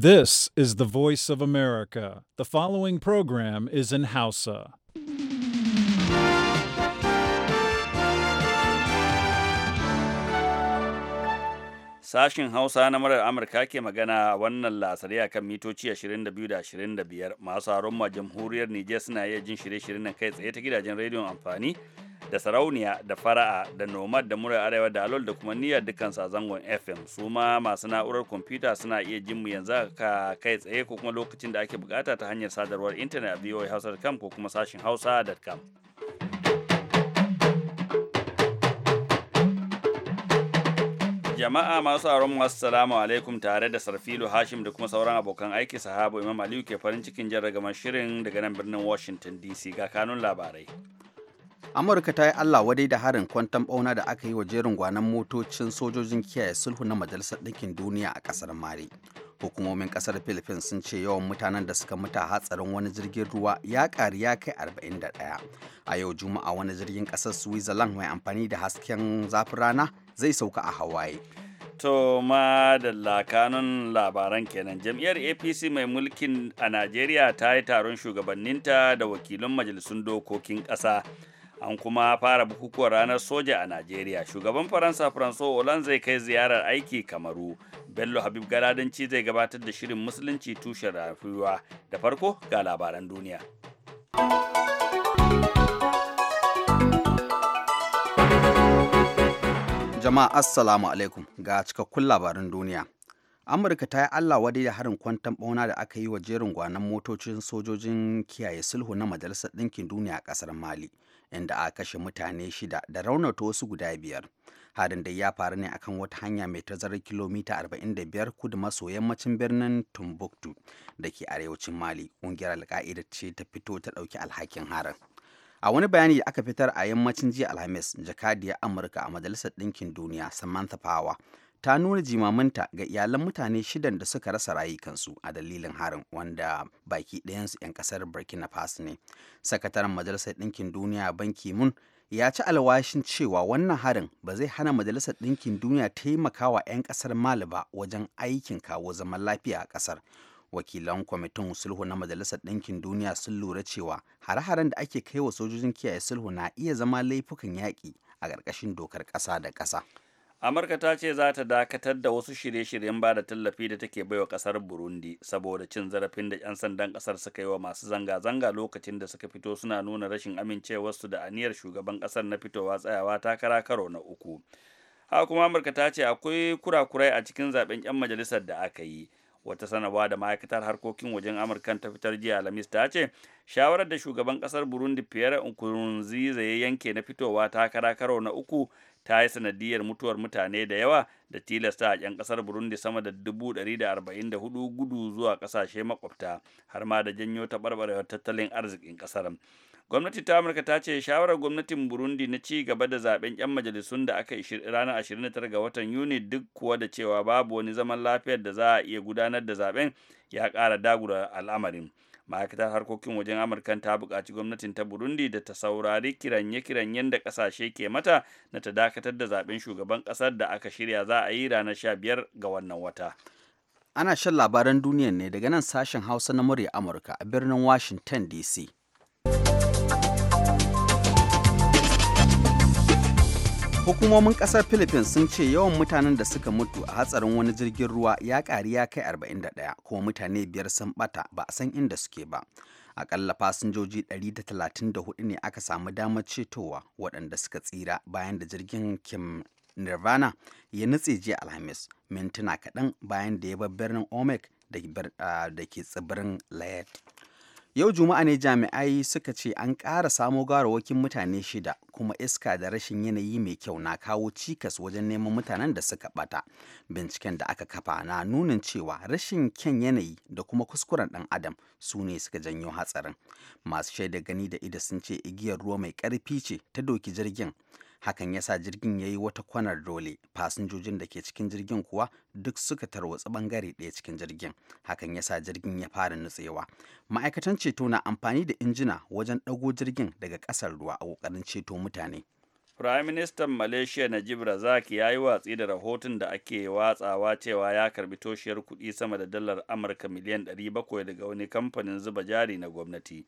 This is the voice of America. The following program is in Hausa. Sashin Hausa na murar Amurka ke magana wannan lasari a kan mitoci 22 da 25 masu haron ma jamhuriyar Nijar suna iya jin shirye-shiryen kai tsaye ta gidajen rediyon amfani da sarauniya da fara'a da nomad da murar arewa da alol da kuma niyyar dukkan zangon fm su ma masu na'urar kwamfuta suna iya jin mu yanzu ka kai tsaye ko kuma lokacin da ake bukata ta hanyar sadarwar intanet a voahausa.com ko kuma sashin hausa.com jama'a masu auren wasu salamu alaikum tare da sarfilu hashim da kuma sauran abokan aiki sahabo imam aliyu ke farin cikin jarragaman shirin daga nan birnin washington dc ga kanun labarai amurka ta yi allah wadai da harin kwantan bauna da aka yi wa jerin gwanan motocin sojojin kiyaye sulhu na majalisar ɗinkin duniya a ƙasar mari hukumomin ƙasar philippines sun ce yawan mutanen da suka mutu a hatsarin wani jirgin ruwa ya ƙari ya kai 41 a yau juma'a wani jirgin ƙasar switzerland mai amfani da hasken zafin rana zai sauka a hawaii to ma da lakanun labaran kenan jam'iyyar apc mai mulkin a najeriya ta yi taron shugabanninta da wakilin majalisun dokokin ƙasa an kuma fara bukukuwan ranar soja a najeriya shugaban faransa franco olan zai kai ziyarar aiki kamaru bello habib galadanci zai gabatar da shirin musulunci tushen rayuwa da farko ga labaran duniya jama'a assalamu alaikum ga cikakkun labaran duniya amurka ta yi allah wadai da harin kwantan bauna da aka yi wa jerin gwanan motocin sojojin kiyaye sulhu na majalisar ɗinkin duniya a ƙasar mali inda a kashe mutane shida da raunata wasu guda biyar harin dai ya faru ne akan wata hanya mai tazarar kilomita 45 kudu maso yammacin birnin tumbuktu da ke arewacin Mali ƙungiyar alka'ida ce ta fito ta ɗauki alhakin harin. A wani bayani da aka fitar a yammacin jiya Alhamis, jakadiyar Amurka a Majalisar Ɗinkin Duniya, Samantha Power, ta nuna jimamanta ga iyalan mutane shidan da suka rasa rayukansu a dalilin harin wanda baki ɗayansu 'yan ƙasar burkina faso ne sakataren majalisar ɗinkin duniya banki mun ya ci alwashin cewa wannan harin ba zai hana majalisar ɗinkin duniya taimakawa 'yan ƙasar mali ba wajen aikin kawo zaman lafiya a ƙasar wakilan kwamitin sulhu na majalisar ɗinkin duniya sun lura cewa hare-haren da ake kai wa sojojin kiyaye sulhu na iya zama laifukan yaƙi a ƙarƙashin dokar ƙasa da ƙasa amurka ta ce za ta dakatar da wasu shirye-shiryen ba da tallafi da take baiwa kasar burundi saboda cin zarafin da 'yan sandan kasar suka yi wa masu zanga-zanga lokacin da suka fito suna nuna rashin amincewarsu da aniyar shugaban kasar na fitowa tsayawa takara karo na uku haka kuma amurka ta ce akwai kurakurai a cikin zaben 'yan majalisar da aka yi wata sanarwa da ma'aikatar harkokin wajen amurkan ta fitar jiya alhamis ta ce shawarar da shugaban kasar burundi pierre nkurunziza ya yanke na fitowa takara karo na uku ta yi sanadiyar mutuwar mutane da yawa da tilasta a 'yan kasar burundi sama da 144 gudu zuwa kasashe makwabta har ma da janyo taɓarɓarewar tattalin arzikin kasar gwamnati ta amurka ta ce shawarar gwamnatin burundi na ci gaba da zaben 'yan majalisun da aka yi ranar 29 ga watan yuni duk kuwa da cewa babu wani zaman lafiyar da za a iya gudanar da zaben ya ƙara dagura al'amarin ma'aikatar harkokin wajen amurkan ta buƙaci gwamnatin ta burundi da ta saurari kiranye-kiranyen da ƙasashe ke mata na ta dakatar da zaben shugaban ƙasar da aka shirya za a yi ranar biyar ga wannan wata ana shan labaran duniya ne daga nan sashen hausa na murya amurka a birnin washington dc Hukumomin kasar Philippines sun ce yawan mutanen da suka mutu a hatsarin wani jirgin ruwa ya ƙari ya kai 41 kuma mutane biyar sun bata ba a san inda suke ba. Akalla fasinjoji 134 ne aka samu damar cetowa waɗanda suka tsira bayan da jirgin Kim Nirvana ya nutse jiya Alhamis mintuna kaɗan bayan da ya bar birnin Omek da ah, ke tsibirin Layet. Yau Juma'a ne jami'ai suka ce an ƙara samo garawakin mutane shida kuma iska da rashin yanayi mai kyau na kawo cikas wajen neman mutanen da suka bata. Binciken da aka kafa na nunin cewa rashin kyan yanayi da kuma kuskuren ɗan adam su ne suka janyo hatsarin. Masu shaida gani da ida sun ce igiyar ruwa mai ƙarfi ce ta doki jirgin hakan ya sa jirgin ya yi wata kwanar dole fasinjojin da ke cikin jirgin kuwa duk suka tarwatsi bangare ɗaya cikin jirgin hakan ya sa jirgin ya fara nutsewa ma'aikatan ceto na amfani da injina wajen ɗago jirgin daga ƙasar ruwa a ƙoƙarin ceto mutane Prime Minister Malaysia Najib Razak ya yi watsi da rahoton da ake watsawa cewa ya karbi toshiyar kuɗi sama da dalar Amurka miliyan 700 daga wani kamfanin zuba jari na gwamnati.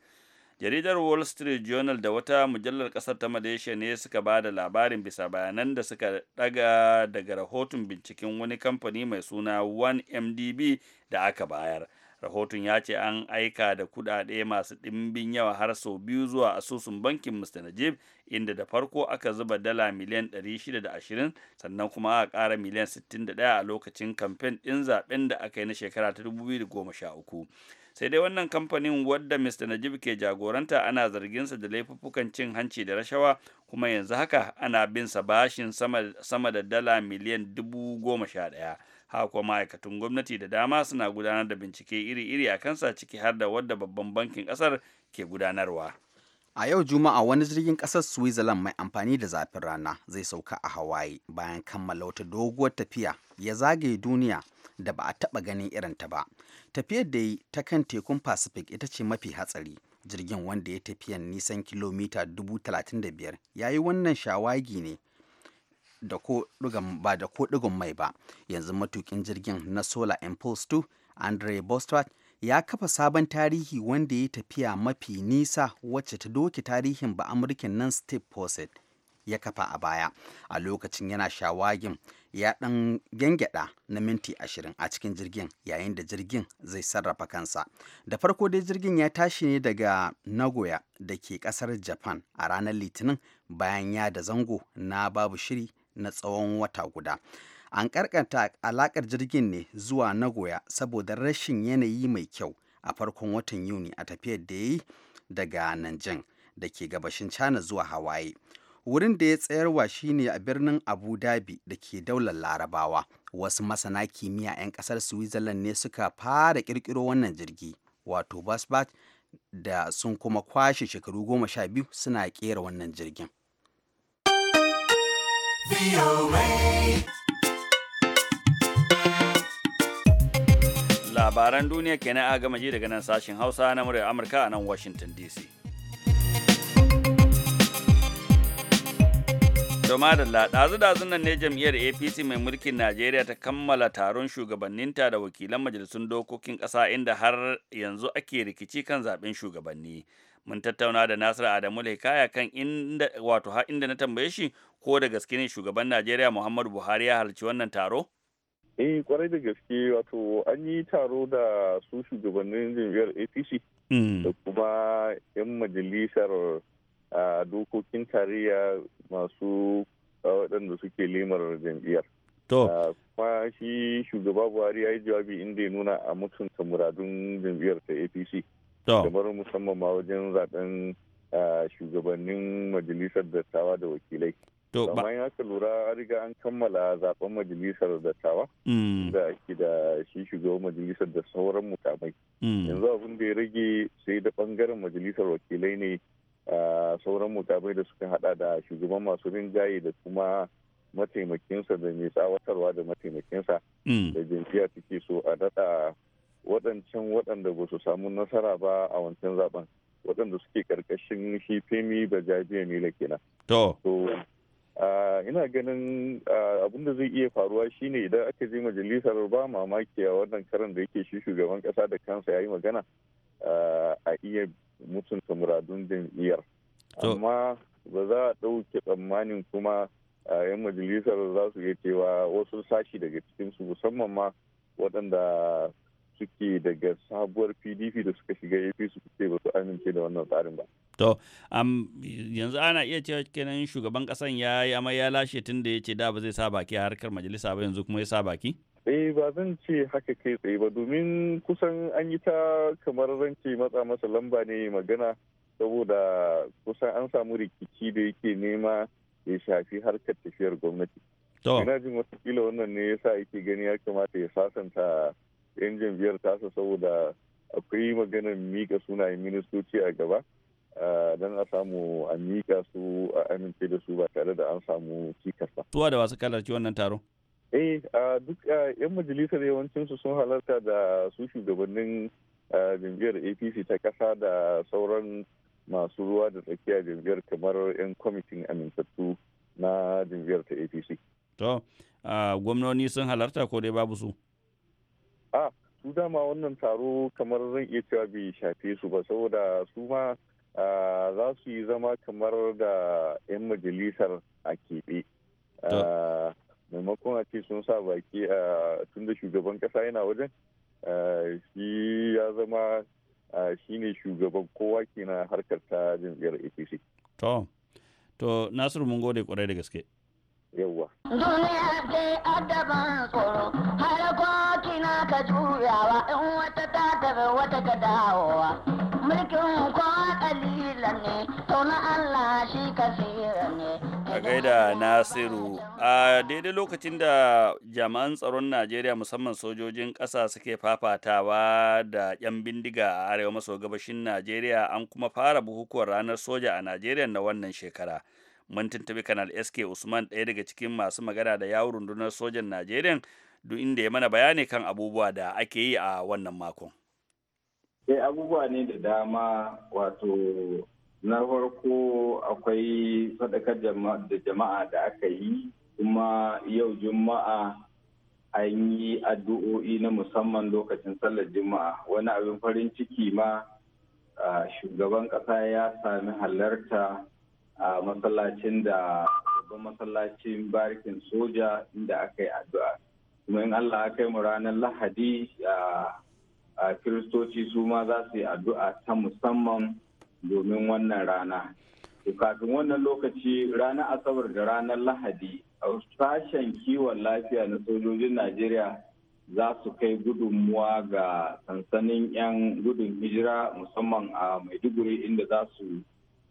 jaridar wall street journal da wata mujallar kasar ta malaysia ne suka ba da labarin bisa bayanan da suka daga daga rahoton binciken wani kamfani mai suna 1mdb da aka bayar rahoton ya ce an aika da kudade masu ɗimbin yawa har sau biyu zuwa asusun bankin mr najib inda da farko aka zuba dala miliyan 620 sannan kuma aka ƙara miliyan 61 a lokacin kamfen ɗin zaɓen da aka yi na shekara ta 2013 sai dai wannan kamfanin wadda mr najib ke jagoranta ana zarginsa da laifuffukan cin hanci da rashawa kuma yanzu haka ana bin sa bashin sama, da dala miliyan dubu goma sha ɗaya haka ma'aikatun ma'aikatan gwamnati da dama suna gudanar da bincike iri-iri a kansa ciki har da wadda babban bankin ƙasar ke gudanarwa A yau Juma'a wani jirgin ƙasar Switzerland mai amfani da zafin rana zai sauka a Hawaii bayan kammala wata doguwar tafiya ya zagaye duniya da ba a taɓa ganin ta ba. Tafiyar da yi ta kan tekun Pacific ita ce mafi hatsari. Jirgin wanda ya tafiyan nisan kilomita 35,000 ya yi wannan shawagi ne ba da ko ɗigon mai ba. Yanzu matukin jirgin na Solar Impulse 2, Andre Bostwick ya kafa sabon tarihi wanda ya tafiya mafi nisa wacce ta doke tarihin ba amurkin nan steve Posset ya kafa a baya a lokacin yana shawagin ya ɗan gyangyaɗa na minti ashirin a cikin jirgin yayin da jirgin zai sarrafa kansa da farko dai jirgin ya tashi ne daga nagoya da ke kasar japan a ranar litinin bayan ya da zango na babu shiri na tsawon wata guda an karkanta alakar jirgin ne zuwa nagoya saboda rashin yanayi mai kyau a farkon watan yuni a tafiyar da ya yi daga nanjing da ke gabashin china zuwa hawaii wurin da ya tsayarwa shine a birnin abu dhabi da ke daular larabawa wasu masana kimiyya 'yan kasar switzerland ne suka fara kirkiro wannan jirgi wato basbat da sun kuma kwashe shekaru goma sha biyu suna kera wannan jirgin. labaran duniya kenan a gama ji daga nan sashen hausa na muryar amurka a nan washington dc Doma da ɗazu-ɗazun nan ne jam'iyyar APC mai mulkin Najeriya ta kammala taron shugabanninta da wakilan majalisun dokokin ƙasa inda har yanzu ake rikici kan zaɓen shugabanni. Mun tattauna da Nasiru Adamu Lekaya kan inda wato inda na tambaye shi ko da gaske ne shugaban Najeriya Muhammadu Buhari ya halarci wannan taro? eh kwarai da gaske wato an yi taro da su shugabannin jam'iyyar apc hmm. da kuma 'yan majalisar dokokin tarayya masu waɗanda suke lemar jam'iyyar kuma shi shugaba buhari ya yi jawabi inda ya nuna a mutunta muradun jam'iyyar ta apc kamar musamman ma wajen zaben shugabannin majalisar dattawa da wakilai To ba amma lura an riga an kammala zaben majalisar dattawa mm. da ake da shi shugaban majalisar da sauran mukamai. Mm. Yanzu abin da ya rage sai da bangaren majalisar wakilai ne sauran mukamai da suka hada da shugaban masu rinjaye da kuma mataimakinsa da mai tsawatarwa da mataimakinsa mm. da jinjiya suke so a daɗa waɗancan waɗanda ba su samu nasara ba a wancan zaben waɗanda suke karkashin shi femi ba bajajiya ne kenan. To. ina ganin abin da zai iya faruwa shine idan aka je majalisar ba mamaki a wannan karan da yake shi shugaban kasa da kansa ya yi magana a iya mutunta muradun jam'iyyar amma ba za a ɗauke tsammanin kuma yan majalisar za su iya cewa wasu sashi daga cikinsu musamman ma waɗanda suke daga sabuwar pdp da suka shiga apc su ce ba su amince da wannan tsarin ba To, um, yanzu ana iya cewa kenan shugaban kasan ya yi amma ya lashe tun da ya ce da ba zai sa baki a harkar majalisa ba yanzu kuma ya sa baki? Eh ba zan ce haka kai tsaye ba domin kusan an yi ta kamar zance matsa masa lamba ne magana saboda kusan an samu rikici da yake nema ya shafi harkar tafiyar gwamnati. To. Ina jin watakila wannan ne ya sa yake gani ya kamata ya sasanta 'yan jam'iyyar tasa saboda akwai maganar mika sunayen ministoci a gaba. Eh, don a samu a miƙa su a amince da su ba tare da an samu cikasa. Tuwa da wasu kalarci wannan taro? Eh, duk 'yan majalisar yawancinsu sun halarta da su shugabannin eh, jam'iyyar APC ta ƙasa da sauran masu ruwa da tsakiya jam'iyyar kamar 'yan kwamitin amintattu na jam'iyyar ta APC. To, gwamnoni sun halarta ko dai babu su? A, su dama wannan taro kamar zan iya cewa bai shafe su ba saboda su ma za su yi zama kamar da 'yan majalisar a keɓe maimakon a ce sun sa baki a tun da shugaban kasa yana wajen shi ya zama shi ne shugaban kowa na harkar ta jam'iyyar apc to to nasiru mun gode kwarai da gaske yawwa duniya ce adaban tsoro har ka juyawa in wata ta wata ta dawowa a gaida nasiru a daidai lokacin da jami'an tsaron najeriya musamman sojojin ƙasa suke fafatawa da 'yan bindiga a arewa maso gabashin najeriya an kuma fara bukukuwar ranar soja a najeriya na wannan shekara mun tuntubi kanal sk usman ɗaya daga cikin masu magana da yawon rundunar sojan najeriya duk inda ya mana bayani kan abubuwa da ake yi a wannan makon sai eh, abubuwa ne da dama wato na farko akwai sadakar da jama'a da aka yi kuma yau juma'a an yi addu'o'i na musamman lokacin sallar juma'a wani abin farin ciki ma shugaban ƙasa ya sami halarta a masallacin da babban masallacin barikin soja inda aka yi addu'a kuma in allah aka yi mu ranar lahadi a kiristoci su ma za su yi addu'a ta musamman domin wannan rana kafin wannan lokaci ranar asabar da ranar lahadi a sashen kiwon lafiya na sojojin najeriya za su kai gudunmuwa ga sansanin 'yan gudun hijira musamman a maiduguri inda za su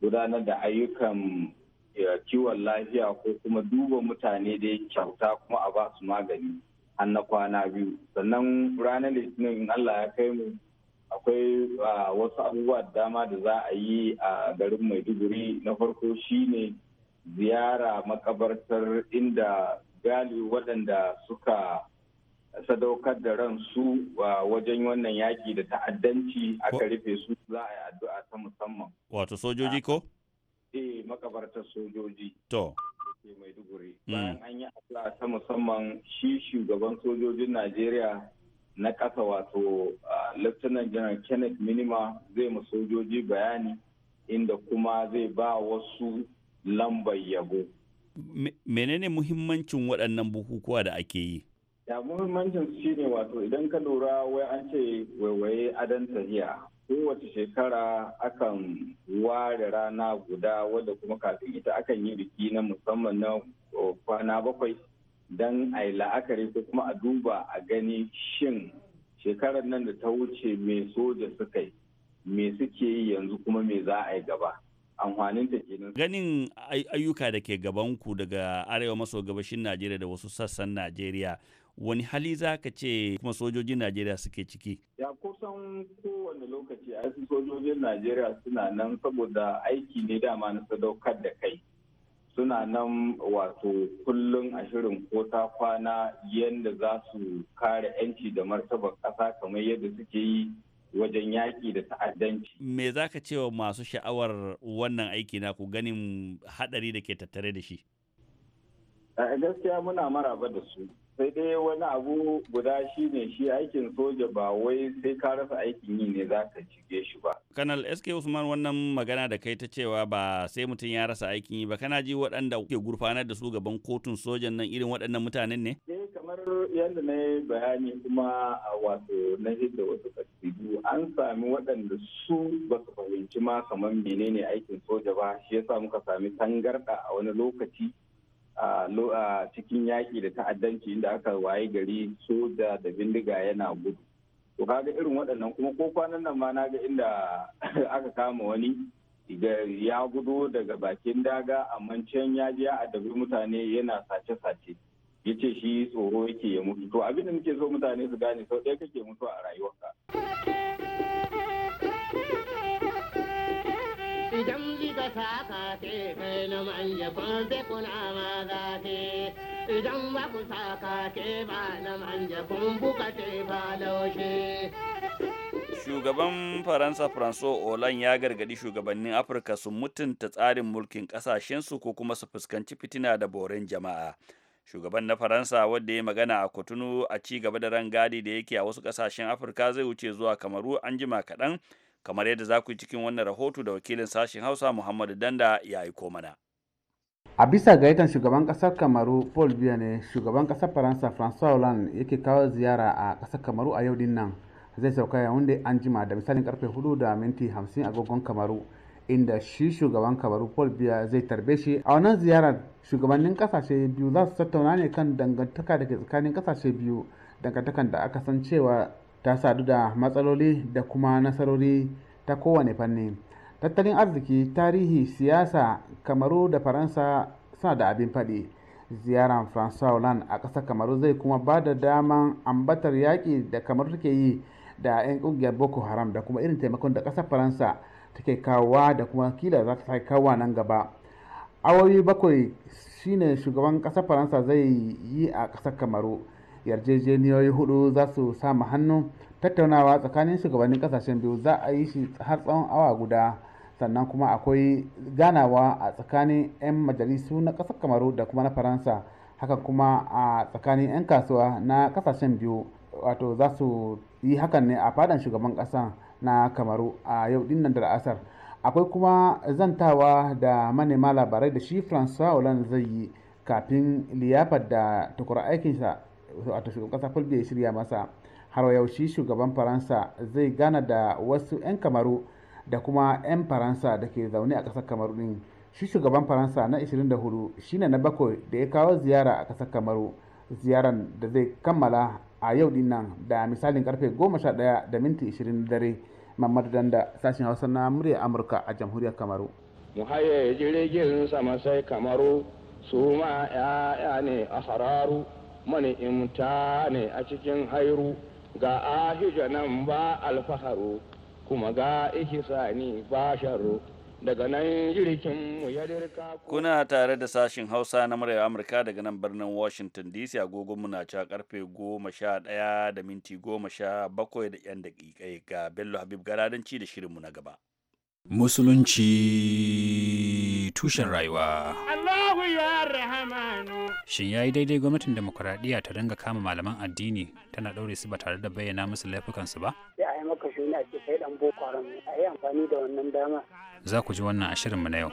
gudanar da ayyukan eh, kiwon lafiya ko kuma duba mutane da kyauta kuma a ba su magani an na kwana biyu sannan ranar litinin in allah ya kai mu akwai wasu abubuwa da dama da za a yi a garin maiduguri na farko shine ziyara makabartar inda gali waɗanda suka sadaukar da ransu wajen wannan yaƙi da ta'addanci aka rufe su za a yi addu'a ta musamman wato sojoji ko? eh makabartar sojoji to ke Maiduguri. Hmm. Bayan an yi addu'a ta musamman shi shugaban sojojin Najeriya na ƙasa wato Lieutenant General Kenneth Minima zai ma sojoji bayani inda kuma zai ba wasu lambar yabo. Menene muhimmancin waɗannan bukukuwa da ake yi? Ya muhimmancin shi ne wato idan ka lura wai an ce waiwaye adan tahiya kowace shekara akan ware rana guda wadda kuma kafin ita akan yi biki na musamman na kwana bakwai don a yi la'akari ko kuma a duba a gani shin shekarar nan da ta wuce mai soja suka yi me suke yi yanzu kuma me za a yi gaba amfaninta kenan. Ganin ayyuka da ke gabanku daga arewa maso gabashin Najeriya da wasu sassan Najeriya wani hali za ka ce kuma sojojin Najeriya suke ciki? Ya kusan kowane lokaci a sojojin Najeriya suna nan saboda aiki ne dama na sadaukar da kai. Suna nan wato kullum a shirin ko ta kwana yadda za su kare 'yanci da martabar ƙasa kamar yadda suke yi wajen yaƙi da ta'addanci. Me za ka ce wa masu sha'awar wannan aiki na ku ganin haɗari da ke tattare da shi? a Gaskiya muna maraba da su. sai dai wani abu guda shi ne shi aikin soja ba wai sai ka rasa aikin yi ne za ka shige shi ba. kanal sk usman wannan magana da kai ta cewa ba sai mutum ya rasa aikin yi ba kana ji waɗanda ke gurfanar da su gaban kotun sojan nan irin waɗannan mutanen ne. eh kamar yadda na yi bayani kuma a wato na da wasu kasidu an sami waɗanda su ba su fahimci ma kamar menene aikin soja ba shi yasa muka sami tangarɗa a wani lokaci a cikin yaƙi da ta'addanci inda aka waye gari soja da bindiga yana gudu to kaga irin waɗannan kuma ko kwanan nan ma na ga inda aka kama wani ya gudu daga bakin daga amma can ya je a dabi mutane yana sace-sace ya ce shi tsoro yake ya mutu to abin muke so mutane su gane sau ɗaya kake mutuwa a rayuwarka. جنبي ساقاتي بينما يكون بكون ba ku Shugaban Faransa franso Olan ya gargadi shugabannin Afirka su mutunta tsarin mulkin ƙasashensu ko kuma su fuskanci fitina da boren jama'a. Shugaban na Faransa wadda ya magana a Kotunu a ci gaba da rangadi da yake a wasu ƙasashen Afirka zai wuce zuwa Kamaru an jima kaɗan kamar yadda za ku yi cikin wannan rahoto da wakilin sashen hausa muhammadu danda ya aiko mana a bisa ga yadda shugaban kasar kamaru paul biya ne shugaban kasar faransa francois hollande yake kawo ziyara a kasar kamaru a yau din nan zai sauka yayin da an jima da misalin karfe 4 da minti 50 agogon kamaru inda shi shugaban kamaru paul biya zai tarbe shi a wannan ziyarar shugabannin kasashe biyu za su tattauna ne kan dangantaka da ke tsakanin kasashe biyu dangantakan da aka san cewa ta sadu da matsaloli da kuma nasarori ta kowane fanni tattalin arziki tarihi siyasa kamaru da faransa suna da abin faɗi ziyaran francois hollande a ƙasar kamaru zai kuma ba da daman ambatar yaƙi da kamaru take yi da 'yan ƙungiyar boko haram da kuma irin taimakon da ƙasar faransa take kawowa da kuma kila za ta kawowa nan gaba awowi bakwai shine shugaban ƙasar faransa zai yi a ƙasar kamaru yarjejeniyoyi hudu za su sami hannu tattaunawa tsakanin shugabannin kasashen biyu za a yi shi har tsawon awa guda sannan kuma akwai ganawa a tsakanin 'yan majalisu na ƙasar kamaru da kuma na faransa hakan kuma a tsakanin 'yan kasuwa na kasashen biyu wato za su yi hakan ne a fadan shugaban ƙasa na kamaru a yau nan da asar akwai kuma zantawa da manema labarai da shi francois hollande zai yi kafin liyafar da tukura aikinsa wato shugaban kasa fulbe ya shirya masa har yaushe shugaban faransa zai gana da wasu 'yan kamaru da kuma 'yan faransa da ke zaune a kasar kamaru din shi shugaban faransa na 24 shine na bakwai da ya kawo ziyara a kasar kamaru ziyaran da zai kammala a yau din nan da misalin karfe 11 da minti 20 dare mamadu danda sashen hausa na murya amurka a jamhuriyar kamaru mu haye jirgin sama sai kamaru su ma 'ya'ya ne a hararu mani imta ne a cikin hairu ga ahija nan ba alfaharu kuma ga ihisani ba sharu daga nan jirgin mu ya dirka kuna tare da sashin hausa na murya amurka daga nan birnin washington dc agogon na ca karfe goma sha ɗaya da minti goma sha bakwai da yan daƙiƙai ga bello habib garadanci da shirinmu na gaba musulunci tushen rayuwa allahu ya rahamanu Shin ya yi daidai gwamnatin demokuraɗiyya ta dinga kama malaman addini tana ɗaure su ba tare da bayyana musu laifukansu ba? Sai a yi maka shuni a ce kai ɗan boko haram a yi amfani da wannan dama. Za ku ji wannan a shirin mu na yau.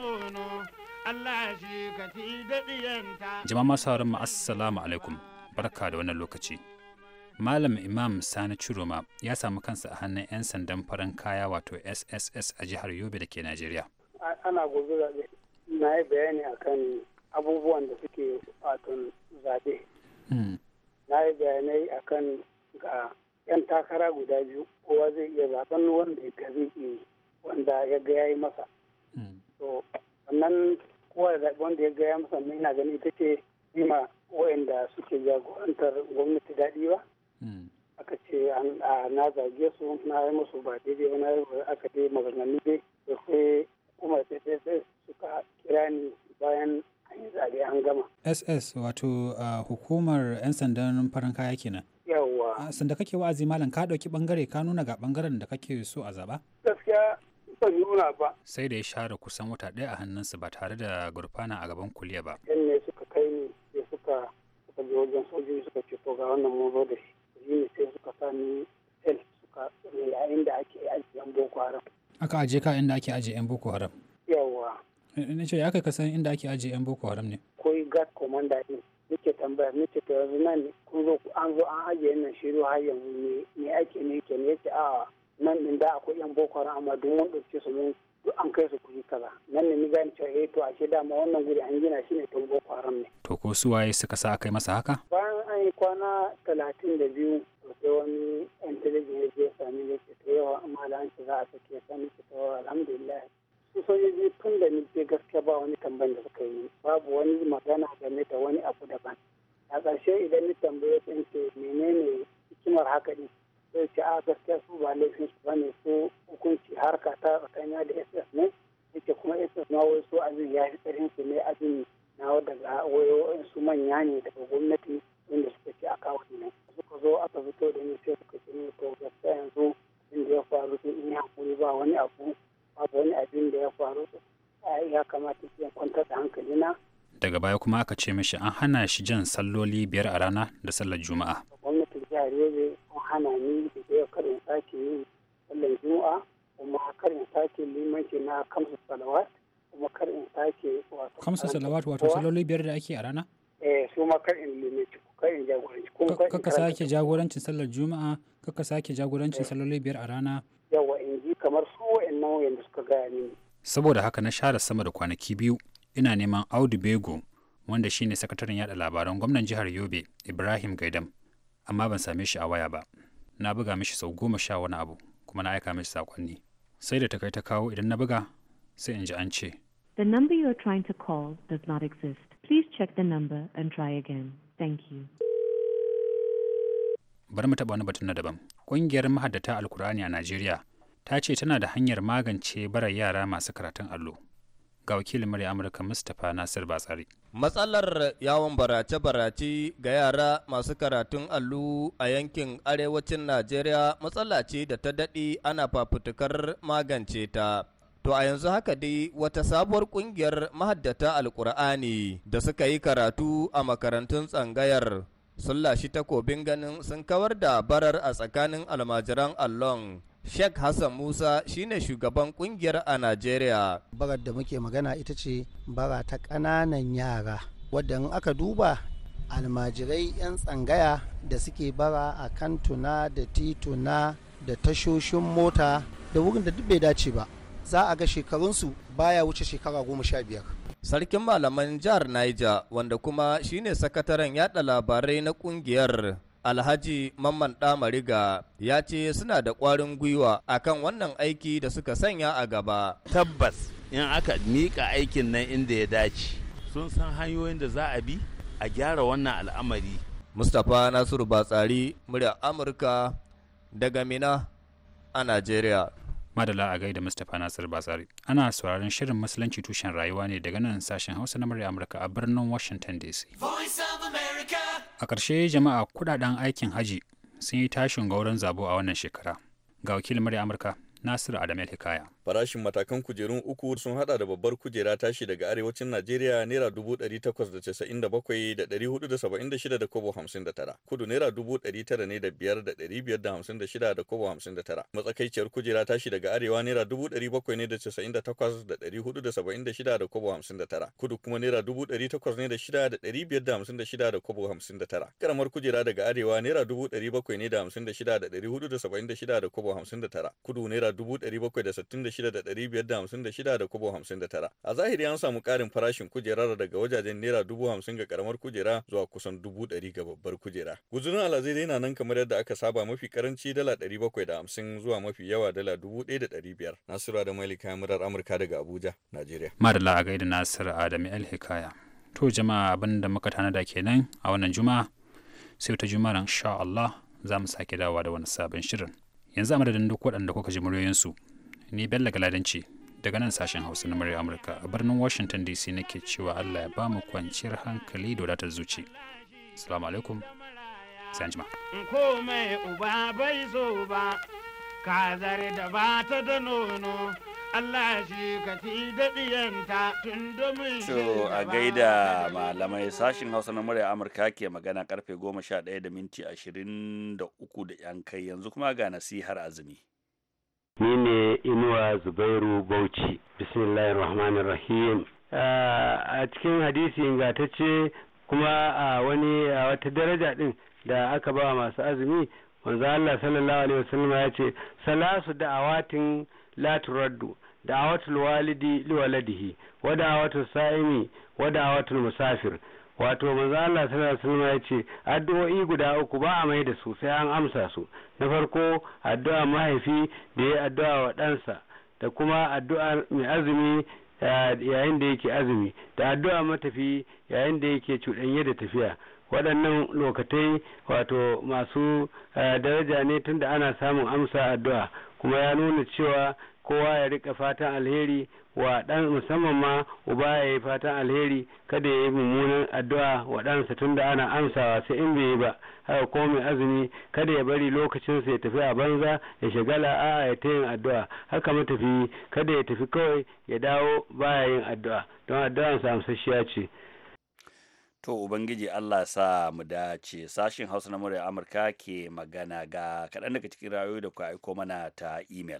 Jama'a masu sauran mu assalamu alaikum, barka da wannan lokaci. Malam Imam Sani Churuma ya samu kansa a hannun 'yan sandan farin kaya wato SSS a jihar Yobe da ke Najeriya. Ana gobe zaɓe, na yi bayani akan abubuwan da suke fatan zaɓe. Hmm. Na yi bayanai kan ga 'yan takara guda biyu kowa zai iya zaɓen wanda ya zai ke wanda ya ga ya yi masa. Hmm. To, sannan kowa da wanda ya ga ya masa na gani ita ce jima waɗanda suke jagorantar gwamnati daɗi ba. Hmm. Aka ce na zage su na yi musu ba daidai ba na yi aka dai maganganu dai da sai kuma sai suka kira ni bayan an zaɓe an gama. SS wato hukumar 'yan sandan farin kaya kenan. Yawwa. Sanda kake wa'azi malam ka ɗauki ɓangare ka nuna ga ɓangaren da kake so a zaba. Gaskiya ban nuna ba. Sai da ya share kusan wata ɗaya a hannunsu ba tare da gurfana a gaban kuliya ba. Yan ne suka kai ni da suka suka je wajen sojoji suka ce to ga wannan mun zo da shi. Shi sai suka sami cell suka yayin da ake ajiye 'yan Boko Haram. Aka ajiye ka inda ake ajiye 'yan Boko Haram. Yawwa. na ce ya kai kasan inda ake ajiye yan boko haram ne koyi gas commander din nake tambaya nake ta yanzu nan kun zo an zo an ajiye nan shiru har yanzu ne me ake ne ke ne yake a ah, nan din da akwai yan boko haram amma duk mun dauke su mun an kai su kuyi kaza nan ne ni gane cewa eh to ashe dama wannan guri an gina shi ne tun boko haram ne to ko su waye suka sa kai masa haka bayan an yi kwana talatin da biyu sai wani intelligence ya sami ne ke yawa amma da an shiga za a sake sani ke alhamdulillah su sojoji tun da ni je gaskiya ba wani tambayin da suka yi babu wani magana game da wani abu daban a ƙarshe idan ni tambaye sun ce menene hikimar haka ne sai ce a ah, gaskiya su ba laifin su bane su hukunci harka ta tsakanin da ss ne yake kuma ss ma wai su abin ya fi tsarin su ne abin na daga wayoyin su manya ne daga gwamnati inda suka ce a kawo ne suka zo aka fito da ni sai suka ce ni to gaskiya yanzu inda ya faru sai yi hakuri ba wani abu babu wani abin da ya faru ya kamata ya kwantar da hankalina daga baya kuma aka ce mishi an hana shi jan salloli biyar a rana da sallar juma'a gwamnatin jihar yobe an hana ni da ya karin sake yin sallar juma'a kuma karin sake limanci na kamsa salawat kuma karin sake wato kamsa salawat wato salloli biyar da ake a rana eh su ma karin limanci karin jagoranci kaka sake jagorancin sallar juma'a kaka sake jagorancin eh. salloli biyar a rana kamar su wa'annan wa'anda suka gaya mini. Saboda haka na share sama da kwanaki biyu ina neman Audu Bego wanda shine sakataren yada labaran gwamnan jihar Yobe Ibrahim Gaidam amma ban same shi a waya ba. Na buga mishi sau goma sha wani abu kuma na aika mishi sakonni. Sai da ta kai ta kawo idan na buga sai in ji an ce. The number you are trying to call does not exist. Please check the number and try again. Thank you. Bari mu taɓa wani batun na daban. Ƙungiyar mahaddata Alkur'ani a Najeriya ta ce tana da hanyar magance barar yara masu karatun allo ga wakilin murya amurka mustapha nasir batsari matsalar yawon barace-barace ga yara masu karatun allo a yankin arewacin najeriya matsala ce da ta daɗe ana fafutukar magance ta To a yanzu haka dai wata sabuwar kungiyar mahaddata alkur'ani da suka yi karatu a makarantun tsangayar sun lashi takobin ganin sun kawar da barar a tsakanin almajiran allon Sheikh Hassan Musa shine shugaban kungiyar a Najeriya. Barar da muke magana ita ce bara ta ƙananan yara wadda in aka duba almajirai 'yan tsangaya da suke bara a kantuna da tituna da tashoshin mota da wurin da duk bai dace ba za a ga shekarunsu baya wuce shekara goma sha biyar. Sarkin malaman jihar Niger wanda kuma shine sakataren yada labarai na kungiyar Alhaji Mamman Damariga ya ce suna da ƙwarin gwiwa akan wannan aiki da suka sanya a gaba. Tabbas in aka miƙa aikin nan inda ya dace sun san hanyoyin da za a bi a gyara wannan al'amari. Mustapha Nasiru Batsari murya Amurka daga Mina a Najeriya. Madala a gaida Mustapha Nasiru Batsari. Ana sauraron shirin Musulunci tushen rayuwa ne daga nan sashen Hausa na murya Amurka a birnin Washington DC. Voice of America. A ƙarshe jama'a kudaden aikin haji sun yi tashin gauran zabo a wannan shekara. Ga wakilin murya Amurka, Nasiru Adamu Hikaya. farashin matakan kujerun uku sun hada da babbar kujera tashi daga arewacin najeriya naira dubu dari takwas da casa'in da bakwai da dari hudu da saba'in da shida da kobo hamsin da tara kudu naira dubu dari tara ne da biyar da dari biyar da hamsin da shida da kobo hamsin da tara matsakaiciyar kujera tashi daga arewa naira dubu dari bakwai ne da casa'in da takwas da dari hudu da saba'in da shida da kobo hamsin da tara kudu kuma naira dubu dari takwas ne da shida da dari biyar da hamsin da shida da kobo hamsin da tara karamar kujera daga arewa naira dubu dari bakwai ne da hamsin da shida da dari hudu da saba'in da shida da kobo hamsin da tara kudu naira dubu dari bakwai da sittin da 56,556 da A zahiri an samu karin farashin kujerar daga wajajen naira dubu hamsin ga karamar kujera zuwa kusan dubu ɗari ga babbar kujera. Guzurin alazai dai na nan kamar yadda aka saba mafi karanci dala ɗari bakwai da hamsin zuwa mafi yawa dala dubu ɗaya da ɗari biyar. da Malika murar Amurka daga Abuja, Najeriya. Madalla a gaida Nasir El hikaya. To jama'a abin da muka tanada kenan a wannan juma'a sai ta juma'a insha Allah za mu sake dawowa da wani sabon shirin. Yanzu a madadin duk waɗanda kuka ji muryoyinsu ni Bello Galadanci daga nan sashen Hausa na murya Amurka a birnin Washington DC nake cewa Allah ya ba mu kwanciyar hankali da wadatar zuci. Assalamu alaikum. Sai Komai uba bai zo ba, kazar da ba ta da nono. Allah shi ka fi daɗiyanta tun domin To a gaida malamai sashin Hausa na murya Amurka ke magana karfe goma sha ɗaya da minti uku da 'yan kai yanzu kuma ga nasihar azumi. ni ne inuwa zubairu bauchi bismillahir rahmanir rahim a cikin hadisi ingatacce kuma a wani a wata daraja din da aka ba masu azumi wanzu Allah sallallahu alaihi wasallam ya ce salasu da'awatin la turaddu da'awatul walidi liwaladihi wa da'awatul sa'imi wa da'awatul musafir wato manzo Allah sallallahu alaihi ya ce addu'o'i guda uku ba a mai da su sai an amsa su na farko addu'a mahaifi da ya addu'a wa dansa da kuma addu'a mai azumi eh, yayin da yake azumi da addu'a matafi yayin da yake cuɗanye da tafiya waɗannan lokatai wato masu eh, daraja ne tunda ana samun amsa addu'a kuma ya nuna cewa kowa ya rika fatan alheri wa dan musamman ma uba ya yi fatan alheri kada ya yi mummunan addu'a wa ɗansa tunda ana amsawa sai in bai yi ba haka ko mai azumi kada ya bari lokacin ya tafi a banza ya shagala a ya ta yin addu'a haka matafi kada ya tafi kawai ya dawo baya yin addu'a don addu'an sa amsasshiya ce to ubangiji Allah sa mu dace sashin Hausa na murya Amurka ke magana ga kaɗan daga cikin rayoyi da ku aiko mana ta email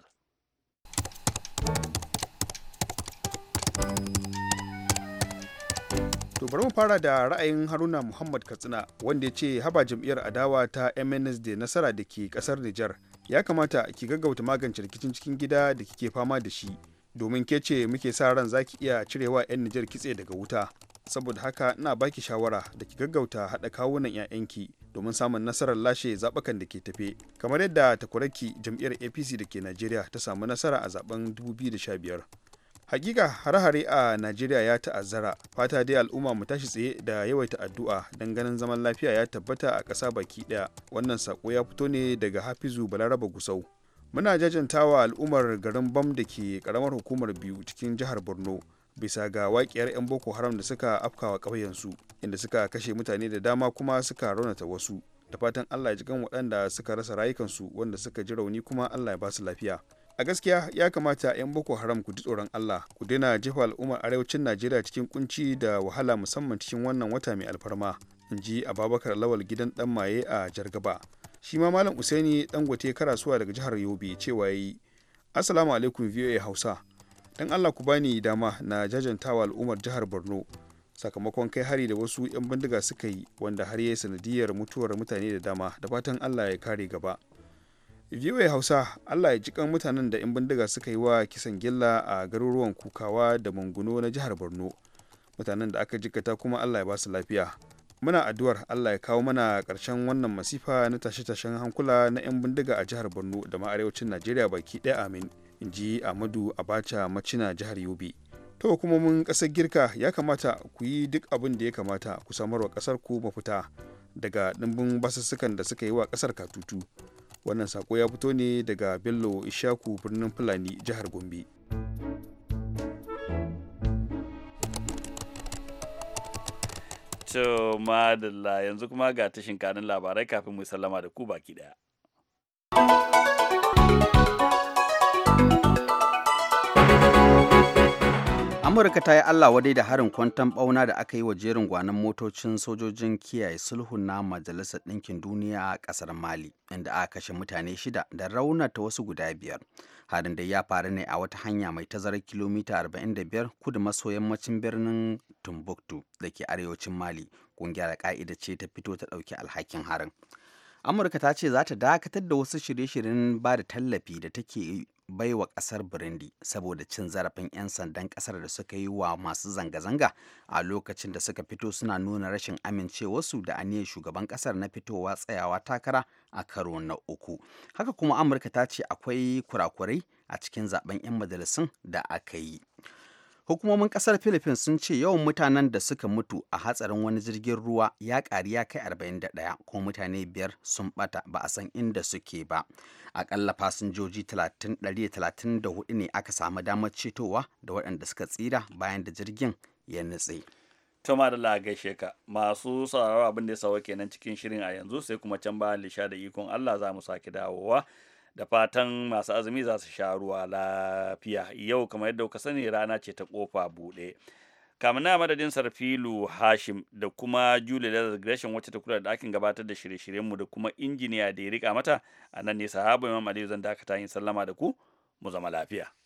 To bari mu fara da ra'ayin Haruna Muhammad Katsina wanda ya ce haba jam'iyyar adawa ta MNSD nasara da ke kasar Nijar ya kamata ki gaggauta magance rikicin cikin gida da kike fama da shi domin ke ce muke sa ran za ki iya cirewa 'yan Nijar kitse daga wuta. Saboda haka ina baki shawara da ki gaggauta haɗa kawunan 'ya'yanki domin samun nasarar lashe zaɓakan da ke tafe kamar yadda takwaraki jam'iyyar APC da ke Najeriya ta samu nasara a zaben 2015. hakika hare-hare a najeriya ya ta'azzara fata dai al'umma mu tashi tsaye da yawaita addu'a don ganin zaman lafiya ya tabbata a ƙasa baki ɗaya wannan sako ya fito ne daga hafizu balaraba gusau muna jajantawa al'ummar garin bam da ke ƙaramar hukumar biyu cikin jihar borno bisa ga waƙiyar 'yan boko haram da suka afkawa ƙauyensu inda suka kashe mutane da dama kuma suka raunata wasu da fatan allah ya ji kan waɗanda suka rasa rayukansu wanda suka ji rauni kuma allah ya basu lafiya a gaskiya ya kamata 'yan boko haram ku ji tsoron allah ku daina jefa al'ummar arewacin najeriya cikin kunci da wahala musamman cikin wannan wata mai alfarma in ji ababakar lawal gidan dan maye a jargaba shi ma malam usaini dangote karasuwa daga jihar yobe cewa yi assalamu alaikum voa hausa dan allah ku bani dama na jajantawa al'ummar jihar borno sakamakon kai hari da wasu 'yan bindiga suka yi wanda har ya yi sanadiyar mutuwar mutane da dama da fatan allah ya kare gaba VOA Hausa Allah ya ji kan mutanen da 'yan bindiga suka yi wa kisan gilla a garuruwan Kukawa da Manguno na jihar Borno. Mutanen da aka jikata kuma Allah ya ba su lafiya. Muna addu'ar Allah ya kawo mana ƙarshen wannan masifa na tashe-tashen hankula na 'yan bindiga a jihar Borno da ma arewacin Najeriya baki ɗaya amin. In ji Amadu Abacha Macina jihar Yobe. To mun ƙasar Girka ya kamata ku yi duk abin da ya kamata ku samarwa ƙasar ku mafita daga ɗimbin basussukan da suka yi wa ƙasar katutu. wannan sako ya fito ne daga bello ishaku birnin fulani jihar gombe to madalla yanzu kuma ga tashin kanin labarai kafin mu sallama da ku baki daya amurka ta yi allah wadai da harin kwantan bauna da aka yi wa jerin gwanon motocin sojojin kiyaye sulhun na majalisar ɗinkin duniya a ƙasar mali inda aka kashe mutane shida da rauna ta wasu guda biyar harin da ya faru ne a wata hanya mai tazarar kilomita 45 kudu maso yammacin birnin timbuktu da ke arewacin mali ƙungiyar ka'ida ce ta fito ta ɗauki alhakin harin amurka ta ce za ta dakatar da wasu shirye-shiryen ba da tallafi da take bai wa kasar burundi saboda cin zarafin 'yan sandan kasar da suka yi wa masu zanga-zanga a lokacin da suka fito suna nuna rashin amincewarsu da aniyar shugaban kasar na fitowa tsayawa takara a karo na uku haka kuma amurka ta ce akwai kurakurai a cikin zaben 'yan majalisun da aka yi hukumomin kasar philippines sun ce yawan mutanen da suka mutu a hatsarin wani jirgin ruwa ya ƙari ya kai 41 ko mutane biyar sun bata ba a san inda suke ba akalla fasinjoji 134 ne aka samu damar cetowa da waɗanda suka tsira bayan da jirgin ya nutse tuma da lagashe ka masu sauraro abin da ya sawa kenan cikin shirin a yanzu sai kuma can bayan lisha da ikon allah za mu sake dawowa da fatan masu azumi za su sha ruwa lafiya yau kamar yadda kuka sani rana ce ta kofa buɗe na madadin sarfilu hashim da kuma julie da gresham wacce ta kula da ɗakin gabatar da shirye-shiryenmu da kuma injiniya da ya rika mata a nan ne sahabu imam aliyu zan dakata yin sallama da ku mu zama lafiya